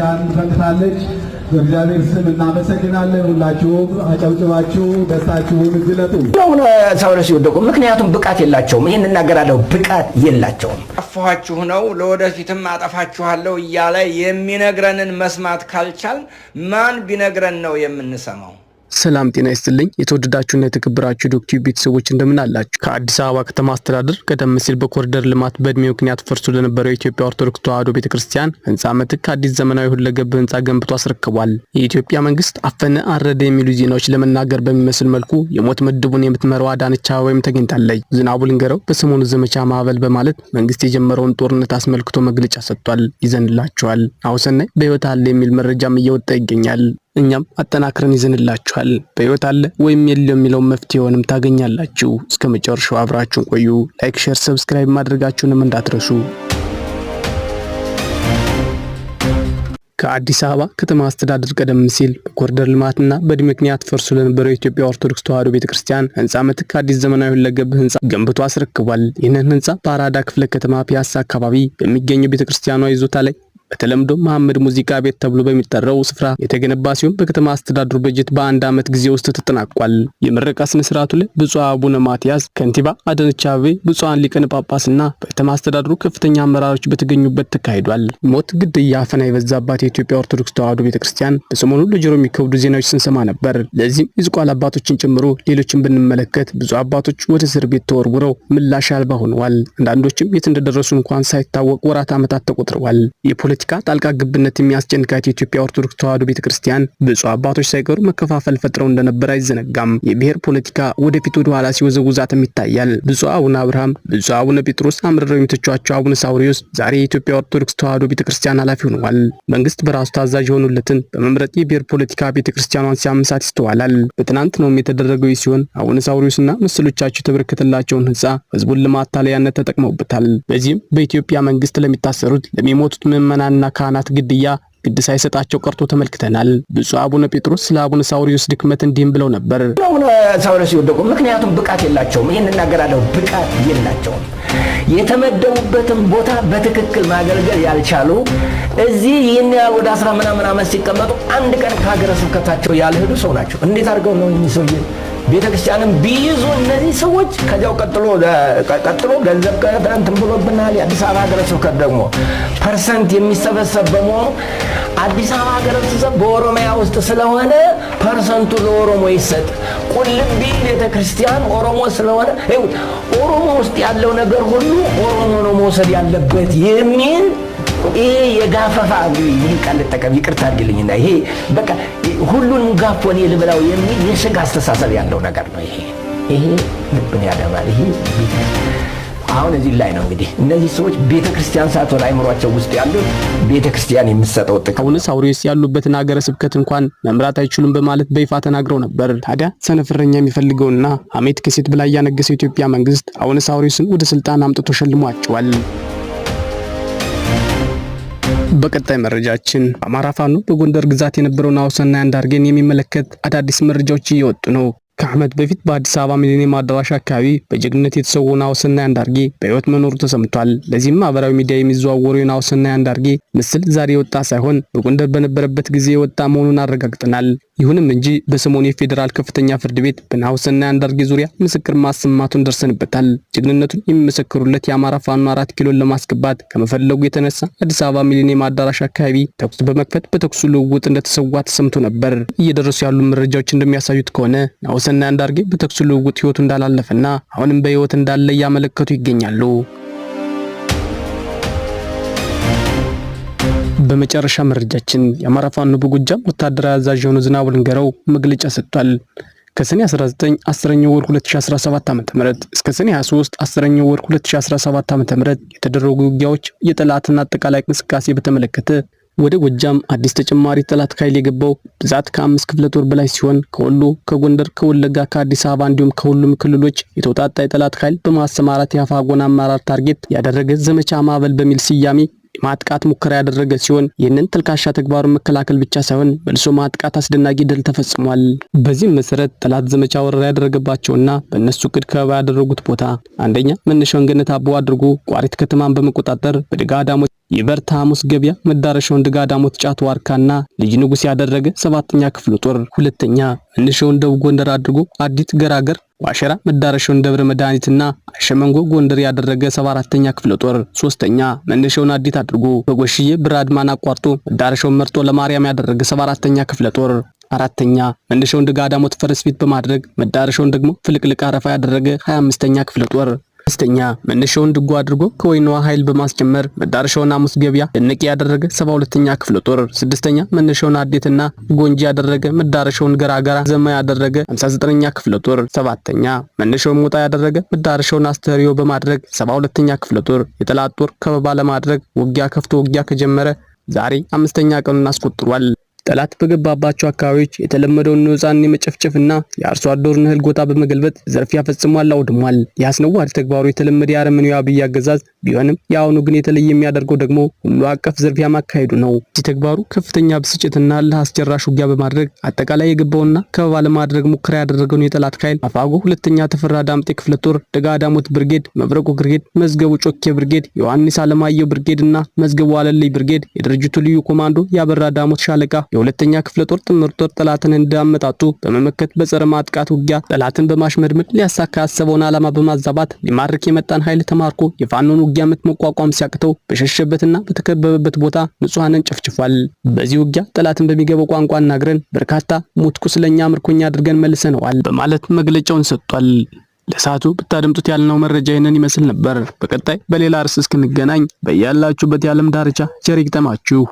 ያን ፈቅታለች። በእግዚአብሔር ስም እናመሰግናለን። ሁላችሁም አጨብጭባችሁ ደስታችሁን ግለጡ። ሰው ሲወደቁ ምክንያቱም ብቃት የላቸውም። ይህን እናገራለሁ፣ ብቃት የላቸውም። አጠፋኋችሁ ነው ለወደፊትም አጠፋችኋለሁ እያለ የሚነግረንን መስማት ካልቻል ማን ቢነግረን ነው የምንሰማው? ሰላም ጤና ይስጥልኝ። የተወደዳችሁና የተከበራችሁ ዶክቲዩ ቤተሰቦች እንደምን አላችሁ? ከአዲስ አበባ ከተማ አስተዳደር ቀደም ሲል በኮሪደር ልማት በእድሜ ምክንያት ፈርሶ ለነበረው የኢትዮጵያ ኦርቶዶክስ ተዋሕዶ ቤተክርስቲያን ክርስቲያን ህንፃ ምትክ አዲስ ዘመናዊ ሁለገብ ህንፃ ገንብቶ አስረክቧል። የኢትዮጵያ መንግስት አፈነ፣ አረደ የሚሉ ዜናዎች ለመናገር በሚመስል መልኩ የሞት ምድቡን የምትመራው አዳነች ወይም ተገኝታለች። ዝናቡ ልንገረው በሰሞኑ ዘመቻ ማዕበል በማለት መንግስት የጀመረውን ጦርነት አስመልክቶ መግለጫ ሰጥቷል። ይዘንላችኋል። አሁሰናይ በህይወት አለ የሚል መረጃም እየወጣ ይገኛል። እኛም አጠናክረን ይዘንላችኋል። በሕይወት አለ ወይም የለ የሚለውን መፍትሄውንም ታገኛላችሁ። እስከ መጨረሻው አብራችሁን ቆዩ። ላይክ፣ ሼር፣ ሰብስክራይብ ማድረጋችሁንም እንዳትረሱ። ከአዲስ አበባ ከተማ አስተዳደር ቀደም ሲል በኮሪደር ልማትና በድህ ምክንያት ፈርሶ ለነበረው የኢትዮጵያ ኦርቶዶክስ ተዋሕዶ ቤተ ክርስቲያን ህንፃ ምትክ አዲስ ዘመናዊ ሁለገብ ህንፃ ገንብቶ አስረክቧል። ይህንን ህንፃ በአራዳ ክፍለ ከተማ ፒያሳ አካባቢ በሚገኘው ቤተ ክርስቲያኗ ይዞታ ላይ በተለምዶ መሐመድ ሙዚቃ ቤት ተብሎ በሚጠራው ስፍራ የተገነባ ሲሆን በከተማ አስተዳደሩ በጀት በአንድ ዓመት ጊዜ ውስጥ ተጠናቋል። የምረቃ ስነ ስርዓቱ ላይ ብፁዕ አቡነ ማትያስ፣ ከንቲባ አዳነች አቤቤ፣ ብፁዓን ሊቃነ ጳጳስና በከተማ አስተዳደሩ ከፍተኛ አመራሮች በተገኙበት ተካሂዷል። ሞት፣ ግድያ፣ አፈና የበዛባት የኢትዮጵያ ኦርቶዶክስ ተዋሕዶ ቤተክርስቲያን በሰሞኑ ለጆሮ የሚከብዱ ዜናዎች ስንሰማ ነበር። ለዚህም የዝቋላ አባቶችን ጨምሮ ሌሎችን ብንመለከት ብዙ አባቶች ወደ እስር ቤት ተወርውረው ምላሽ አልባ ሆነዋል። አንዳንዶችም የት እንደደረሱ እንኳን ሳይታወቅ ወራት ዓመታት ተቆጥረዋል። የፖለቲካ ፖለቲካ ጣልቃ ግብነት የሚያስጨንቃት የኢትዮጵያ ኦርቶዶክስ ተዋሕዶ ቤተ ክርስቲያን ብፁዕ አባቶች ሳይቀሩ መከፋፈል ፈጥረው እንደነበር አይዘነጋም። የብሔር ፖለቲካ ወደፊት ወደ ኋላ ሲወዘውዛትም ይታያል። ብፁዕ አቡነ አብርሃም፣ ብፁዕ አቡነ ጴጥሮስ አምርረው የሚተቿቸው አቡነ ሳውሪዮስ ዛሬ የኢትዮጵያ ኦርቶዶክስ ተዋሕዶ ቤተ ክርስቲያን ኃላፊ ሆነዋል። መንግስት በራሱ ታዛዥ የሆኑለትን በመምረጥ የብሔር ፖለቲካ ቤተ ክርስቲያኗን ሲያምሳት ይስተዋላል። በትናንት ነውም የተደረገው ሲሆን አቡነ ሳውሪዮስና ምስሎቻቸው የተበረከተላቸውን ህንፃ ህዝቡን ለማታለያነት ተጠቅመውበታል። በዚህም በኢትዮጵያ መንግስት ለሚታሰሩት ለሚሞቱት ምዕመናን ምዕመናንና ካህናት ግድያ ግድ ሳይሰጣቸው ቀርቶ ተመልክተናል። ብፁዕ አቡነ ጴጥሮስ ስለ አቡነ ድክመት እንዲህም ብለው ነበር። አቡነ ይወደቁ ምክንያቱም ብቃት የላቸውም። ይህን እናገራለሁ፣ ብቃት የላቸውም። የተመደቡበትን ቦታ በትክክል ማገልገል ያልቻሉ እዚህ ይህን ያህል ወደ አስራ ምናምን ዓመት ሲቀመጡ አንድ ቀን ከሀገረ ስብከታቸው ያልሄዱ ሰው ናቸው። እንዴት አድርገው ነው እኚህ ቤተ ክርስቲያንም ቢይዙ እነዚህ ሰዎች ከዚያው ቀጥሎ ቀጥሎ ገንዘብ ከእንትን ብሎብናል። የአዲስ አበባ ሀገረ ስብከት ደግሞ ፐርሰንት የሚሰበሰብ በመሆኑ አዲስ አበባ ሀገር ስብሰብ በኦሮሚያ ውስጥ ስለሆነ ፐርሰንቱ ለኦሮሞ ይሰጥ። ቁልቢ ቤተ ክርስቲያን ኦሮሞ ስለሆነ ኦሮሞ ውስጥ ያለው ነገር ሁሉ ኦሮሞ ነው መውሰድ ያለበት የሚል ይሄ የጋፈፋ ይህ ቃል ልጠቀም ይቅርታ አድርግልኝና ይሄ በቃ ሁሉንም ጋፎን ልብላው የሚል የስጋ አስተሳሰብ ያለው ነገር ነው። ይሄ ይሄ ልብን ያደማል። ይሄ አሁን እዚህ ላይ ነው እንግዲህ እነዚህ ሰዎች ቤተ ክርስቲያን ሳትሆን አይምሯቸው ውስጥ ያሉት ቤተ ክርስቲያን የምትሰጠው ጥቅም። አሁንስ አውሬስ ያሉበትን ሀገረ ስብከት እንኳን መምራት አይችሉም በማለት በይፋ ተናግረው ነበር። ታዲያ ሰነፍረኛ የሚፈልገውና ሐሜት ከሴት በላይ እያነገሰው የኢትዮጵያ መንግስት አሁንስ አውሬስን ወደ ስልጣን አምጥቶ ሸልሟቸዋል። በቀጣይ መረጃችን አማራ ፋኖ በጎንደር ግዛት የነበረውን አውሰና አንዳርጌን የሚመለከት አዳዲስ መረጃዎች እየወጡ ነው። ከዓመት በፊት በአዲስ አበባ ሚሊኒየም አዳራሽ አካባቢ በጀግንነት የተሰው ናሁሰናይ አንዳርጌ በህይወት መኖሩ ተሰምቷል። ለዚህም ማህበራዊ ሚዲያ የሚዘዋወሩ የናሁሰናይ አንዳርጌ ምስል ዛሬ የወጣ ሳይሆን በጎንደር በነበረበት ጊዜ የወጣ መሆኑን አረጋግጠናል። ይሁንም እንጂ በሰሞኑ የፌዴራል ከፍተኛ ፍርድ ቤት በናሁሰናይ አንዳርጌ ዙሪያ ምስክር ማሰማቱን ደርሰንበታል። ጀግንነቱን የሚመሰክሩለት የአማራ ፋኖ አራት ኪሎን ለማስገባት ከመፈለጉ የተነሳ አዲስ አበባ ሚሊኒየም አዳራሽ አካባቢ ተኩስ በመክፈት በተኩሱ ልውውጥ እንደተሰዋ ተሰምቶ ነበር። እየደረሱ ያሉ መረጃዎች እንደሚያሳዩት ከሆነ አምሰና አንዳርጌ በተኩስ ልውውጥ ህይወቱ እንዳላለፈና አሁንም በህይወት እንዳለ እያመለከቱ ይገኛሉ። በመጨረሻ መረጃችን የአማራ ፋኖ በጎጃም ወታደራዊ አዛዥ የሆኑ ዝናቡ ልንገረው መግለጫ ሰጥቷል። ከሰኔ 19 10ኛው ወር 2017 ዓ.ም እስከ ሰኔ 23 10ኛው ወር 2017 ዓ.ም የተደረጉ ውጊያዎች የጠላትን አጠቃላይ እንቅስቃሴ በተመለከተ ወደ ጎጃም አዲስ ተጨማሪ ጠላት ኃይል የገባው ብዛት ከአምስት ክፍለ ጦር በላይ ሲሆን ከወሎ፣ ከጎንደር፣ ከወለጋ፣ ከአዲስ አበባ እንዲሁም ከሁሉም ክልሎች የተውጣጣ የጠላት ኃይል በማሰማራት የአፋጎን አመራር ታርጌት ያደረገ ዘመቻ ማዕበል በሚል ስያሜ የማጥቃት ሙከራ ያደረገ ሲሆን ይህንን ተልካሻ ተግባሩን መከላከል ብቻ ሳይሆን መልሶ ማጥቃት አስደናቂ ድል ተፈጽሟል። በዚህም መሰረት ጠላት ዘመቻ ወረራ ያደረገባቸውና በእነሱ ቅድ ከበባ ያደረጉት ቦታ አንደኛ መነሻውን ገነት አቦ አድርጎ ቋሪት ከተማን በመቆጣጠር በድጋ አዳሞች የበርታ ሐሙስ ገበያ መዳረሻውን ድጋ ዳሞት ጫት ዋርካና ልጅ ንጉሥ ያደረገ ሰባተኛ ክፍለ ጦር ሁለተኛ መነሻውን ደቡብ ጎንደር አድርጎ አዲት ገራገር ዋሸራ መዳረሻውን ደብረ መድኃኒትና አሸመንጎ ጎንደር ያደረገ ሰባ አራተኛ ክፍለ ጦር ሶስተኛ መነሻውን አዲት አድርጎ በጎሽዬ ብራድማን አቋርጦ መዳረሻውን መርጦ ለማርያም ያደረገ ሰባ አራተኛ ክፍለ ጦር አራተኛ መነሻውን ድጋ ዳሞት ፈረስ ፊት በማድረግ መዳረሻውን ደግሞ ፍልቅልቅ አረፋ ያደረገ ሀያ አምስተኛ ክፍለ ጦር ስተኛ መነሻውን ድጎ አድርጎ ከወይንዋ ኃይል በማስጀመር መዳረሻውን አሙስ ገበያ ደነቂ ያደረገ ሰባ ሁለተኛ ክፍለ ጦር፣ ስድስተኛ መነሻውን አዴትና ጎንጂ ያደረገ መዳረሻውን ገራገራ ዘማ ያደረገ 59ኛ ክፍለ ጦር፣ ሰባተኛ መነሻውን ሞጣ ያደረገ መዳረሻውን አስተሪዮ በማድረግ ሰባ ሁለተኛ ክፍለ ጦር የጠላት ጦር ከበባ ለማድረግ ውጊያ ከፍቶ ውጊያ ከጀመረ ዛሬ አምስተኛ ቀኑን አስቆጥሯል። ጠላት በገባባቸው አካባቢዎች የተለመደውን የመጨፍጨፍ የመጨፍጨፍና የአርሶ አደሩን እህል ጎታ በመገልበጥ ዘርፊያ ፈጽሟል፣ አውድሟል። የአስነዋሪ ተግባሩ የተለመደ የአረመኔው አብይ አገዛዝ ቢሆንም የአሁኑ ግን የተለየ የሚያደርገው ደግሞ ሁሉ አቀፍ ዘርፊያ ማካሄዱ ነው። እዚህ ተግባሩ ከፍተኛ ብስጭትና እልህ አስጨራሽ ውጊያ በማድረግ አጠቃላይ የገባውና ከበባ ለማድረግ ሙከራ ያደረገውን የጠላት ኃይል አፋጎ ሁለተኛ ተፈራ ዳምጤ ክፍለ ጦር፣ ደጋ ዳሞት ብርጌድ፣ መብረቁ ብርጌድ፣ መዝገቡ ጮኬ ብርጌድ፣ ዮሐንስ አለማየሁ ብርጌድ እና መዝገቡ አለልይ ብርጌድ፣ የድርጅቱ ልዩ ኮማንዶ ያበራ ዳሞት ሻለቃ የሁለተኛ ክፍለ ጦር ጥምር ጦር ጠላትን እንዳመጣጡ በመመከት በጸረ ማጥቃት ውጊያ ጠላትን በማሽመድመድ ሊያሳካ ያሰበውን ዓላማ በማዛባት ሊማርክ የመጣን ኃይል ተማርኮ የፋኖን ውጊያ ምት መቋቋም ሲያቅተው በሸሸበትና በተከበበበት ቦታ ንጹሐንን ጨፍጭፏል። በዚህ ውጊያ ጠላትን በሚገባው ቋንቋ እናግረን በርካታ ሞት ቁስለኛ ምርኮኛ አድርገን መልሰነዋል በማለት መግለጫውን ሰጥቷል። ለሰዓቱ ብታደምጡት ያልነው መረጃ ይህንን ይመስል ነበር። በቀጣይ በሌላ ርዕስ እስክንገናኝ በያላችሁበት የዓለም ዳርቻ ቸር ይግጠማችሁ።